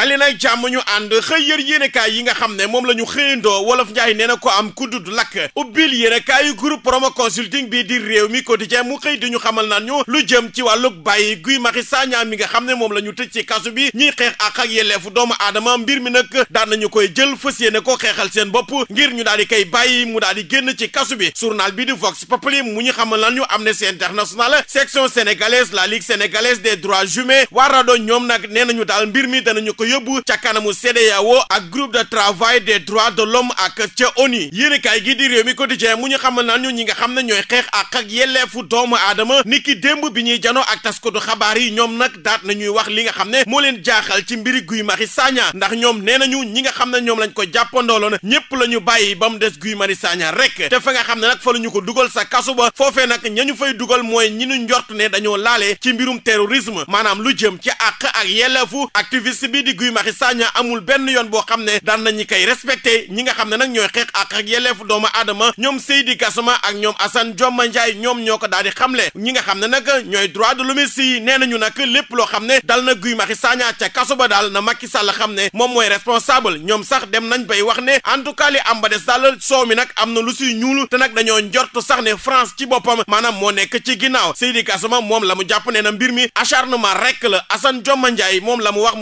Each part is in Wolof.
dali nag jàmm ñu ànd xëy yër yéenekaay yi nga xam ne moom la ñu xëyandoo wolof njaay nee na ko am ku dudd lakk ubbil yéenekaayu groupe promo consulting bii di réew mi quotidien mu xëy di ñu xamal naan ñu lu jëm ci wàllu bàyyi Guy Marius Sagna mi nga xam ne moom la ñu tëj ci kasu bi ñuy a ak ak yelleefu doomu aadama mbir mi nag daan nañu koy jël fas yéene ko xeexal seen bopp ngir ñu daal di koy bàyyi mu daal di génn ci kasu bi journal bi di Vox Populi mu ñu xamal naan ñu Amnesty International section sénégalaise la ligue sénégalaise des droits humains waa ñoom nag nee nañu daal mbir mi danañu ko yóbbu ca kanamu CEDEAO ak groupe de travail des droits de l'homme ak ca ONU yéenekaay gi di réew mi quotidien mu ñu xamal naan ñu ñi nga xam na ñooy xeex ak ak yelleefu doomu aadama niki démb bi ñuy janoo ak taskatu xabaar yi ñoom nag daat nañuy wax li nga xam ne moo leen jaaxal ci mbiri Guy Marius Sagna ndax ñoom nee nañu ñi nga xam ne ñoom lañ ko jàppandooloon ñépp la ñu bàyyi ba mu des Guy Marius Sagna rek te fa nga xam ne nag fa la ñu ko dugal sa kasu ba foofee ña ñu fay dugal mooy ñi ñu njort ne dañoo laale ci mbirum terrorisme maanaam lu jëm ci àq ak yelleefu activiste bi di Guy Marius Sagna amul benn yoon boo xam ne daan nañu koy respecté ñi nga xam ne na ñooy xeex ak ak yelleefu doomu aadama ñoom Seydi Gassama ak ñoom Assane Dioma Ndiaye ñoom ñoo ko daal di le ñi nga xam ne nag ñooy droit de l'homme yi nee nañu nag lépp loo xam ne dal na Guy Marius Sagna ca kaso ba daal na Macky Sall xam ne moom mooy responsable ñoom sax dem nañ bay wax ne en tout cas li am ba des daal soow mi nag am na lu siy ñuul te nag dañoo njort sax ne France ci boppam maanaam moo nekk ci ginnaaw Seydi Gassama moom la mu jàpp ne na mbir mi acharnement rek la Assane Dioma Ndiaye moom la mu wax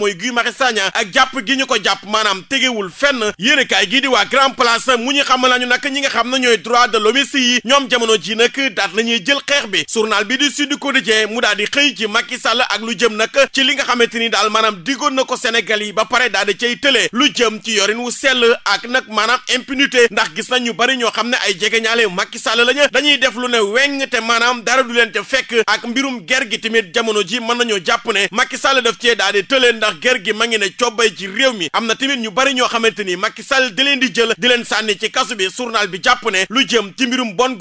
Sagna ak jàpp gi ñu ko jàpp maanaam tegewul fenn yéen kaay gii di waa grand place mu ñu xamal nañu nag ñi nga xam ne ñooy droit de l'homme yi ñoom jamono ji nag daat nañuy jël xeex bi journal bi di Sud Quotidien mu daal di xëy ci Macky Sall ak lu jëm nag ci li nga xamante ni daal maanaam diggoon na ko Sénégal yi ba pare daal di cay tëlee lu jëm ci yorin wu sell ak nag maanaam impunité ndax gis nañ ñu bari ñoo xam ne ay jege jegeñaale Macky Sall lañu dañuy def lu ne weng te maanaam dara du leen te fekk ak mbirum ger gi tamit jamono ji mën nañoo jàpp ne Macky Sall daf cee daal di tëlee ndax ngi ne cobbay ci réew mi am na tamit ñu bari ñoo xamante ni Macky Sall di jël di sànni ci kasu bi bi jàpp ne lu jëm ci mbirum bonne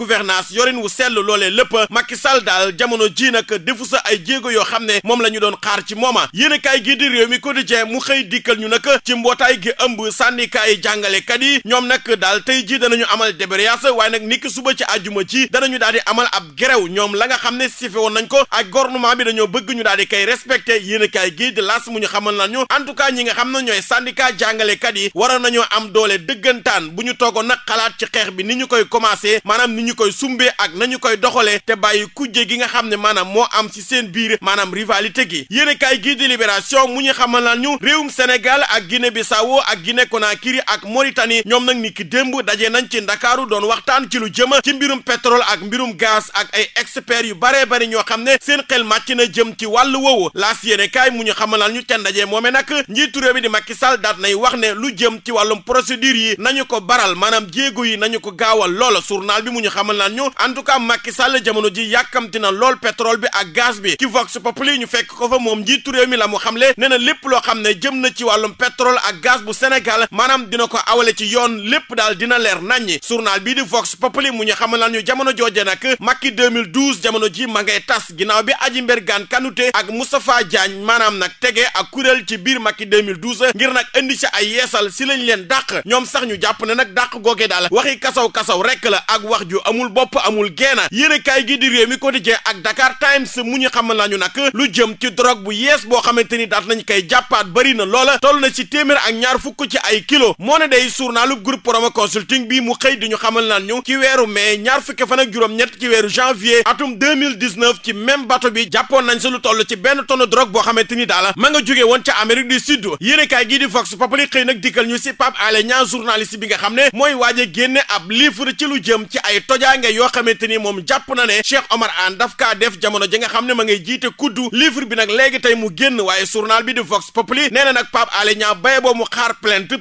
yorin wu sell loolee lépp Macky Sall daal ji nag defu ay jéego yoo xam ne moom la ñu doon xaar ci mooma yéenekaay gi di réew mi quotidien mu xëy dikkal ñu nag ci mbootaay gi ëmb sànnikaay jàngalekat yi ñoom nag daal tey ji danañu amal débrayage waaye nag niki suba ci àjjuma ji danañu daal la nga xam ne sife woon nañ ko ak en tout cas ñi nga xam na ñooy syndicat jàngalekat yi waroon nañoo am doole dëggantaan bu ñu toogoon nag xalaat ci xeex bi ni ñu koy commencé maanaam ni ñu koy sumbee ak nañu koy doxalee te bàyyi kujje gi nga xam ne maanaam moo am ci seen biir maanaam rivalité gi yéenekaay gi di Libération mu ñu xamal na ñu réewum Sénégal ak Guinée-Bissau ak gi Guinée Conakry ak Mauritanie ñoom nag ni ki démb daje nañ ci Ndakaaru doon waxtaan ci lu jëm ci mbirum pétrole ak mbirum gaz ak ay experts yu baree bari ñoo xam ne seen xel màcc na jëm ci wàllu woowu laas yéenekaay mu ñu xamal na ñu ca ndaje moome nag nag njiitu réew mi di Macky Sall daat nay wax ne lu jëm ci wàllum procédure yi nañu ko baral maanaam jéego yi nañu ko gaawal loola journal bi mu ñu xamal naan ñu en tout cas Macky Sall jamono ji yàkkamti na lool pétrole bi ak gaz bi ci Vox Populi ñu fekk ko fa moom njiitu réew mi la mu xamle nee na lépp loo xam ne jëm na ci wàllum pétrole ak gaz bu Sénégal maanaam dina ko awale ci yoon lépp daal dina leer naññi journal bii di Vox Populi mu ñu xamal naan ñu jamono jooje nag Macky 2012 jamono ji ma ngay tas ginnaaw bi Aji Mbergane Kanouté ak Moustapha Diagne maanaam nag tege ak kuréel ci biir ngir Macky 2012 ngir nag indi ci ay yeesal si lañ leen dàq ñoom sax ñu jàpp ne nag dàq googee daal waxi kasaw-kasaw rek la ak wax ju amul bopp amul geena yéen kaay gi di réew mi quotidien ak Dakar Times mu ñu xamal nañu nag lu jëm ci drogue bu yees boo xamante ni daat nañ koy jàppaat bëri na loola toll na ci téeméer ak ñaar fukk ci ay kilo moo ne day journalub groupe Promo Consulting bi mu xëy di ñu xamal naan ñu ci weeru mai ñaar fukki fan ak juróom-ñett ci weeru janvier atum 2019 bi jàppoon nañ sa lu benn tonne drogue boo xamante ni daala nga jóge woon ca Afrique du Sud yéenekaay gii di Vox Populi xëy nag dikkal ñu si Pape Alé Niang journaliste a génne ne ma ngay jiite kuddu bi nag léegi tey mu génn waaye journal bi di na nag Pape Alé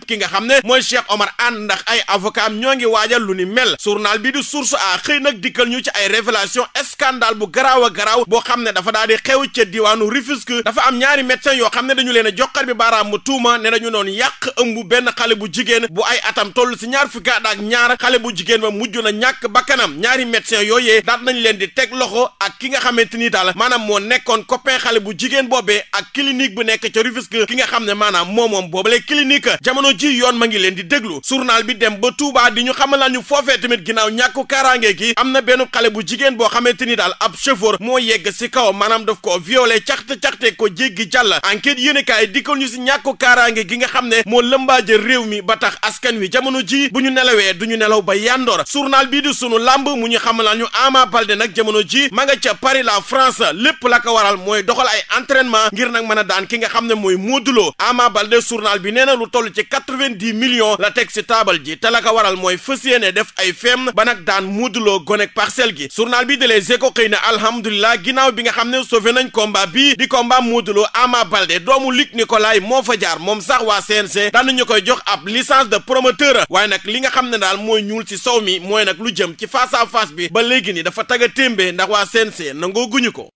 ki nga xam ne mooy Cheikh Omar Anne ndax ay avocat am lu ni mel journal bi di Source A xëy nag dikkal ñu ci ay révélation scandale bu garaaw a garaaw boo xam ne dafa daal di xew ca diwaanu dafa am ñaari médecin yoo xam ne dañu leen a jox joxar bi baaraam mu tuuma ne nañu noon yàq ëmb benn xale bu jigéen bu ay atam toll si ñaar fukki at ak ñaar xale bu jigéen ba mujj na ñàkk bakkanam ñaari médecin yooyee daat nañ leen di teg loxo ak ki nga xamante ni daal maanaam moo nekkoon copain xale bu jigéen boobee ak clinique bu nekk ca Rufisque ki nga xam ne maanaam moo moom boobale clinique jamono ji yoon ma ngi leen di déglu journal bi dem ba Touba di ñu xamal ñu foofee tamit ginnaaw ñàkku kaaraange gi am na benn xale bu jigéen boo xamante ni daal ab chauffeur moo yegg si kaw maanaam daf ko violé caxte caxte ko jéggi jàll enquête yéen kaay dikkal ñu si ñàkku kaaraange gi nga xam ne moo lëmbaaje réew mi ba tax askan wi jamono jii bu ñu nelawee du ñu nelaw ba yandoor journal bii di sunu làmb mu ñu xamal ñu Ama Baldé nag jamono jii ma nga ca pari la France lépp la waral mooy doxal ay entraînement ngir nag mën a daan ki nga xam ne mooy Modou Lo Ama Baldé journal bi nee na lu toll ci quatre-vingt-dix la teg si taabal ji te la ko waral mooy fas def ay fem ba nag daan Modou Lo gonek parcelle gi journal bi de Les xëy na alhamdulilah ginnaaw bi nga xam ne sauvé nañ combat bi di combat Modou Lo Ama Baldé Nicolaï moo fa jaar moom sax waa CNC daanuñu koy jox ab licence de promoteur waaye nag li nga xam ne daal mooy ñuul ci sow mi mooy nag lu jëm ci face à face bi ba léegi ni dafa tagga témbee ndax waa CNC nangoo guñu ko